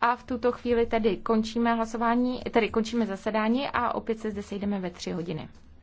A v tuto chvíli tedy končíme hlasování, tedy končíme zasedání a opět se zde sejdeme ve tři hodiny.